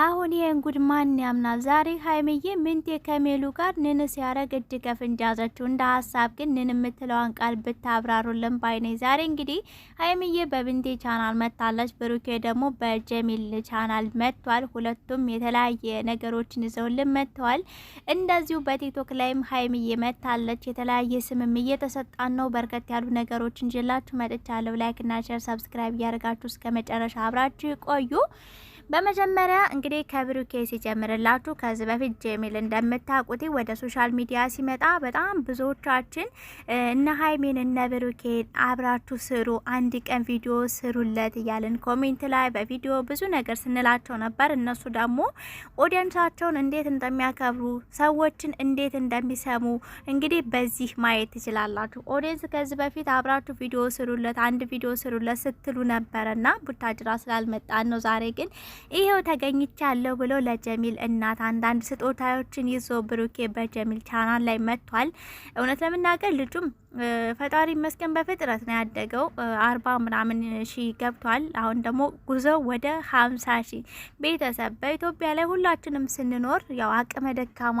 አሁን ይሄን ጉድ ማን ያምናል? ዛሬ ሀይምዬ ምንቴ ከሜሉ ጋር ንን ሲያረግ እድ ከፍ እንደ ሀሳብ ግን ንን የምትለዋን ቃል ብታብራሩልን ባይነኝ። ዛሬ እንግዲህ ሀይምዬ በብንቴ ቻናል መታለች፣ ብሩኬ ደግሞ በጀሚል ቻናል መጥቷል። ሁለቱም የተለያየ ነገሮችን ይዘውልን መጥተዋል። እንደዚሁ በቲክቶክ ላይም ሀይምዬ መታለች፣ የተለያየ ስምም እየተሰጣን ነው። በርከት ያሉ ነገሮችን ይዤላችሁ መጥቻለሁ። ላይክና ሼር፣ ሰብስክራይብ እያደረጋችሁ እስከ መጨረሻ አብራችሁ ቆዩ። በመጀመሪያ እንግዲህ ከብሩኬ ሲጀምርላችሁ ከዚህ በፊት ጀሚል እንደምታውቁት ወደ ሶሻል ሚዲያ ሲመጣ በጣም ብዙዎቻችን እነ ሀይሜን እነ ብሩኬን አብራችሁ ስሩ፣ አንድ ቀን ቪዲዮ ስሩለት እያልን ኮሜንት ላይ በቪዲዮ ብዙ ነገር ስንላቸው ነበር። እነሱ ደግሞ ኦዲየንሳቸውን እንዴት እንደሚያከብሩ ሰዎችን እንዴት እንደሚሰሙ እንግዲህ በዚህ ማየት ትችላላችሁ። ኦዲየንስ ከዚህ በፊት አብራችሁ ቪዲዮ ስሩለት፣ አንድ ቪዲዮ ስሩለት ስትሉ ነበረና ቡታጅራ ስላልመጣን ነው ዛሬ ግን ይሄው ተገኝቻለሁ ብሎ ለጀሚል እናት አንዳንድ ስጦታዎችን ይዞ ብሩኬ በጀሚል ቻናል ላይ መጥቷል። እውነት ለመናገር ልጁም ፈጣሪ ይመስገን በፍጥነት ነው ያደገው። አርባ ምናምን ሺ ገብቷል። አሁን ደግሞ ጉዞ ወደ ሀምሳ ሺ ቤተሰብ በኢትዮጵያ ላይ ሁላችንም ስንኖር ያው አቅመ ደካማ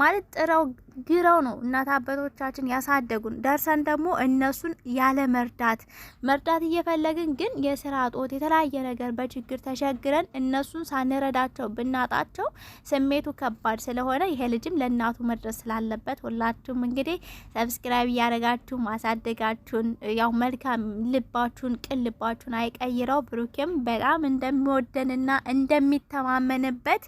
ማለት ጥረው ግረው ነው እናት አባቶቻችን ያሳደጉን። ደርሰን ደግሞ እነሱን ያለ መርዳት መርዳት እየፈለግን ግን የስራ ጦት የተለያየ ነገር በችግር ተሸግረን እነሱን ሳንረዳቸው ብናጣቸው ስሜቱ ከባድ ስለሆነ ይሄ ልጅም ለእናቱ መድረስ ስላለበት ሁላችሁም እንግዲህ ሰብስክራይብ እያደረገ አድርጋችሁ ማሳደጋችሁን ያው መልካም ልባችሁን ቅን ልባችሁን አይቀይረው። ብሩኬም በጣም እንደሚወደንና እንደሚተማመንበት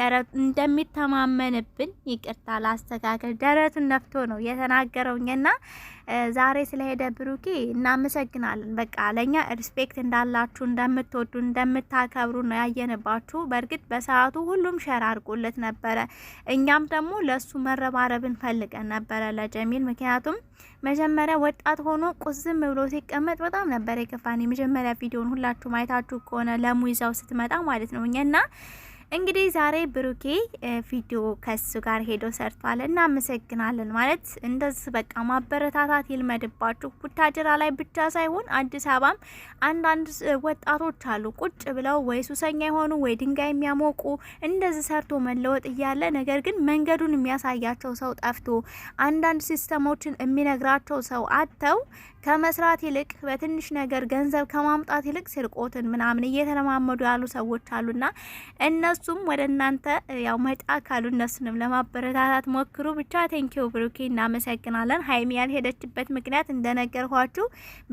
ደረት እንደሚተማመንብን ይቅርታ ላስተካከል ደረቱን ነፍቶ ነው የተናገረውኝና ዛሬ ስለሄደ ብሩኬ እናመሰግናለን። በቃ ለእኛ ሪስፔክት እንዳላችሁ እንደምትወዱ እንደምታከብሩ ነው ያየንባችሁ። በእርግጥ በሰዓቱ ሁሉም ሸር አድርጎለት ነበረ። እኛም ደግሞ ለእሱ መረባረብን ፈልገን ነበረ ለጀሚል ምክንያቱም መጀመሪያ ወጣት ሆኖ ቁዝም ብሎ ሲቀመጥ በጣም ነበር የከፋን። የመጀመሪያ ቪዲዮን ሁላችሁ ማየታችሁ ከሆነ ለሙ ይዛው ስትመጣ ማለት ነው እኛና እንግዲህ ዛሬ ብሩኬ ቪዲዮ ከሱ ጋር ሄዶ ሰርቷል። እናመሰግናለን ማለት እንደዚህ በቃ ማበረታታት ይልመድባችሁ። ቡታጅራ ላይ ብቻ ሳይሆን አዲስ አበባም አንዳንድ ወጣቶች አሉ ቁጭ ብለው ወይ ሱሰኛ የሆኑ ወይ ድንጋይ የሚያሞቁ እንደዚህ ሰርቶ መለወጥ እያለ ነገር ግን መንገዱን የሚያሳያቸው ሰው ጠፍቶ አንዳንድ ሲስተሞችን የሚነግራቸው ሰው አጥተው ከመስራት ይልቅ በትንሽ ነገር ገንዘብ ከማምጣት ይልቅ ስርቆትን ምናምን እየተለማመዱ ያሉ ሰዎች አሉና እነሱ እሱም ወደ እናንተ ያው መጣ ካሉ እነሱንም ለማበረታታት ሞክሩ። ብቻ ቴንኪው ብሩኬ እናመሰግናለን። ሀይሚ ያልሄደችበት ምክንያት እንደነገርኳችሁ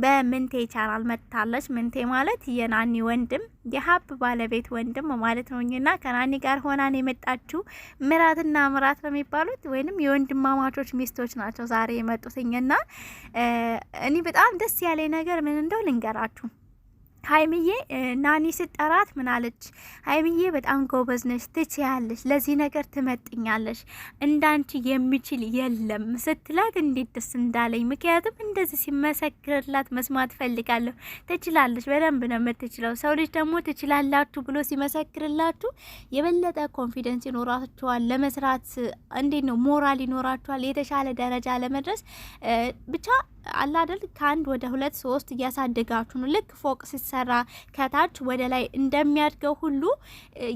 በምንቴ ቻናል መጥታለች። ምንቴ ማለት የናኒ ወንድም የሀብ ባለቤት ወንድም ማለት ነው። እና ከናኒ ጋር ሆናን የመጣችው ምራትና ምራት ነው የሚባሉት ወይንም የወንድማማቾች ሚስቶች ናቸው ዛሬ የመጡትኝና እኔ በጣም ደስ ያለኝ ነገር ምን እንደው ልንገራችሁ ሀይምዬ ናኒ ስጠራት ምን አለች? ሀይምዬ በጣም ጎበዝ ነች ትችያለሽ፣ ለዚህ ነገር ትመጥኛለሽ፣ እንዳንቺ የሚችል የለም ስትላት እንዴት ደስ እንዳለኝ። ምክንያቱም እንደዚህ ሲመሰክርላት መስማት ፈልጋለሁ። ትችላለሽ፣ በደንብ ነው የምትችለው። ሰው ልጅ ደግሞ ትችላላችሁ ብሎ ሲመሰክርላችሁ የበለጠ ኮንፊደንስ ይኖራችኋል፣ ለመስራት እንዴት ነው ሞራል ይኖራችኋል፣ የተሻለ ደረጃ ለመድረስ ብቻ አለ አይደል ከአንድ ወደ ሁለት ሶስት እያሳደጋችሁ ነው። ልክ ፎቅ ሲሰራ ከታች ወደ ላይ እንደሚያድገው ሁሉ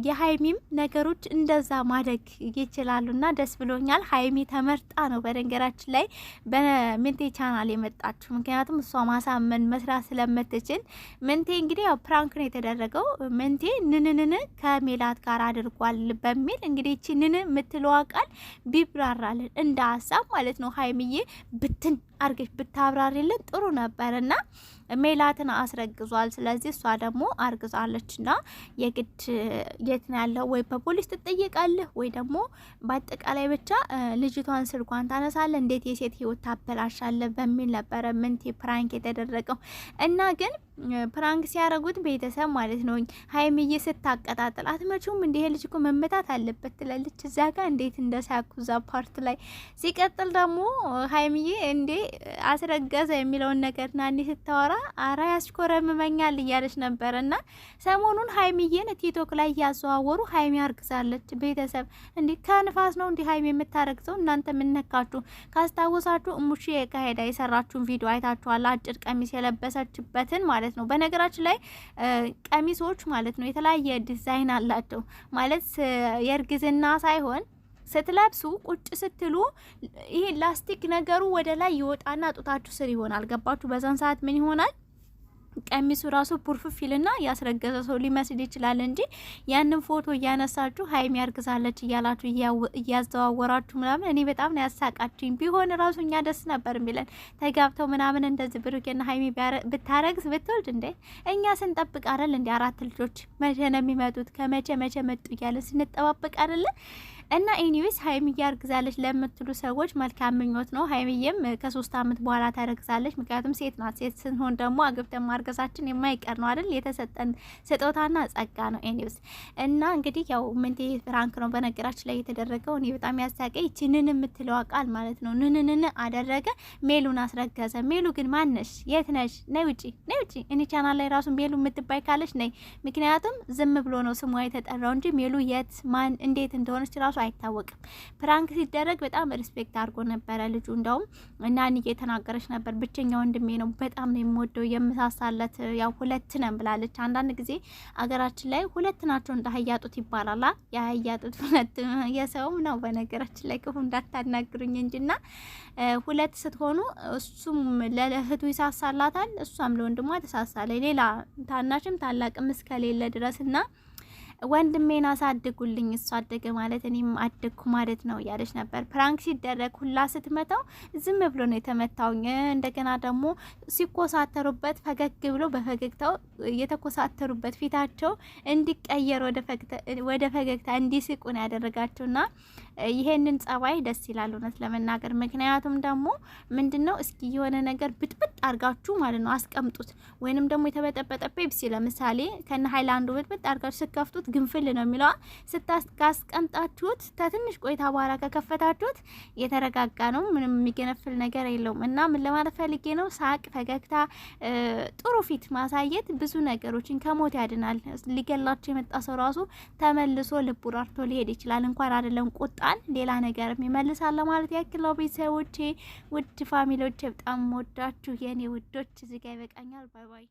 የሀይሚም ነገሮች እንደዛ ማደግ ይችላሉና ደስ ብሎኛል። ሀይሚ ተመርጣ ነው በነገራችን ላይ በምንቴ ቻናል የመጣችሁ። ምክንያቱም እሷ ማሳመን መስራት ስለምትችል ምንቴ እንግዲህ ያው ፕራንክ ነው የተደረገው። ምንቴ ንንንን ከሜላት ጋር አድርጓል በሚል እንግዲህ ቺ ንን የምትለዋ ቃል ቢብራራልን እንደ ሀሳብ ማለት ነው ሀይሚዬ ብትን አርገሽ ብታብራሪልን ጥሩ ነበር ና ሜላትን አስረግዟል። ስለዚህ እሷ ደግሞ አርግዛለች ና የግድ የት ነው ያለው ወይ በፖሊስ ትጠየቃለህ ወይ ደግሞ በአጠቃላይ ብቻ ልጅቷን ስልኳን ታነሳለ እንዴት የሴት ህይወት ታበላሻለህ በሚል ነበረ ምንቲ ፕራንክ የተደረገው እና ግን ፕራንክ ሲያረጉት ቤተሰብ ማለት ነው። ሀይሚዬ ስታቀጣጥል መቼም እንዲህ ልጅ እኮ መመታት አለበት ትላለች። እዛ ጋ እንዴት እንደሳኩ እዛ ፓርት ላይ ሲቀጥል ደግሞ ሀይሚዬ እንዴ አስረገዘ የሚለውን ነገር ናኒ ስታወራ አራ ያስኮረምመኛል እያለች ነበር። እና ሰሞኑን ሀይሚዬን ቲክቶክ ላይ እያዘዋወሩ ሀይሚ አርግዛለች። ቤተሰብ እንዲ ከንፋስ ነው እንዲህ ሀይሚ የምታረግዘው እናንተ የምነካችሁ ካስታወሳችሁ እሙሽ የቃሄዳ የሰራችሁን ቪዲዮ አይታችኋል። አጭር ቀሚስ የለበሰችበትን ማለት ማለት ነው። በነገራችን ላይ ቀሚሶች ማለት ነው የተለያየ ዲዛይን አላቸው ማለት የእርግዝና ሳይሆን ስትለብሱ ቁጭ ስትሉ ይሄ ላስቲክ ነገሩ ወደ ላይ ይወጣና ጡታችሁ ስር ይሆናል። ገባችሁ? በዛን ሰዓት ምን ይሆናል ቀሚሱ ራሱ ቡርፍፊልና ያስረገዘ ሰው ሊመስል ይችላል እንጂ ያንን ፎቶ እያነሳችሁ ሀይሚ ያርግዛለች እያላችሁ እያዘዋወራችሁ ምናምን እኔ በጣም ነው ያሳቃችኝ። ቢሆን ራሱ እኛ ደስ ነበር የሚለን ተጋብተው ምናምን እንደዚህ ብሩኬና ሀይሚ ብታረግዝ ብትወልድ እንዴ እኛ ስንጠብቅ አይደል እንዲ አራት ልጆች መቼ ነው የሚመጡት ከመቼ መቼ መጡ እያለ ስንጠባበቅ አይደለ እና ኤኒዌይስ ሀይሚዬ አርግዛለች ለምትሉ ሰዎች መልካም ምኞት ነው። ሀይሚዬም ከሶስት አመት በኋላ ታረግዛለች። ምክንያቱም ሴት ናት። ሴት ስንሆን ደግሞ አግብተን ማርገዛችን የማይቀር ነው አይደል? የተሰጠን ስጦታና ጸጋ ነው። ኤኒዌይስ እና እንግዲህ ያው ምንቴ ፍራንክ ነው በነገራችን ላይ የተደረገው። እኔ በጣም ያሳቀ ይቺ ንን የምትለዋ ቃል ማለት ነው። ንንንን አደረገ፣ ሜሉን አስረገዘ። ሜሉ ግን ማነሽ? የት ነሽ? ነይ ውጪ፣ ነይ ውጪ። እኔ ቻናል ላይ ራሱ ሜሉ የምትባይ ካለች ነይ። ምክንያቱም ዝም ብሎ ነው ስሟ የተጠራው እንጂ ሜሉ የት ማን እንዴት እንደሆነች ራሱ ራሱ አይታወቅም። ፕራንክ ሲደረግ በጣም ሪስፔክት አድርጎ ነበረ ልጁ። እንደውም እናን እየተናገረች ነበር፣ ብቸኛ ወንድሜ ነው፣ በጣም ነው የምወደው፣ የምሳሳለት ያው ሁለት ነን ብላለች። አንዳንድ ጊዜ አገራችን ላይ ሁለት ናቸው እንደ አህያ ጡት ይባላል። የአህያ ሁለት የሰውም ነው በነገራችን ላይ ክፉ እንዳታናግሩኝ እንጂና ሁለት ስትሆኑ እሱም ለእህቱ ይሳሳላታል፣ እሷም ለወንድሟ ተሳሳለ ሌላ ታናሽም ታላቅም እስከሌለ ድረስ እና ወንድሜን አሳድጉልኝ፣ እሱ አደገ ማለት እኔም አደግኩ ማለት ነው እያለች ነበር። ፕራንክ ሲደረግ ሁላ ስትመታው ዝም ብሎ ነው የተመታውኝ። እንደገና ደግሞ ሲኮሳተሩበት ፈገግ ብሎ በፈገግታው የተኮሳተሩበት ፊታቸው እንዲቀየር ወደ ፈገግታ እንዲስቁ ነው ያደረጋቸውና ይሄንን ጸባይ ደስ ይላል እውነት ለመናገር ምክንያቱም ደግሞ ምንድን ነው እስኪ የሆነ ነገር ብጥብጥ አርጋችሁ ማለት ነው አስቀምጡት፣ ወይንም ደግሞ የተበጠበጠ ፔፕሲ ለምሳሌ ከነ ሀይላንዱ ብጥብጥ አርጋችሁ ስከፍቱት ግንፍል ነው የሚለዋ ስታስቀምጣችሁት ከትንሽ ቆይታ በኋላ ከከፈታችሁት የተረጋጋ ነው፣ ምንም የሚገነፍል ነገር የለውም። እና ምን ለማለት ፈልጌ ነው ሳቅ፣ ፈገግታ፣ ጥሩ ፊት ማሳየት ብዙ ነገሮችን ከሞት ያድናል። ሊገላቸው የመጣ ሰው ራሱ ተመልሶ ልቡ ራርቶ ሊሄድ ይችላል። እንኳን አይደለም ቁጣ ይመጣል። ሌላ ነገርም ይመልሳል። ለማለት ያክል ነው። ቤተሰቦቼ፣ ውድ ፋሚሊዎቼ በጣም ወዳችሁ የኔ ውዶች፣ እዚጋ ይበቃኛል። ባይ ባይ።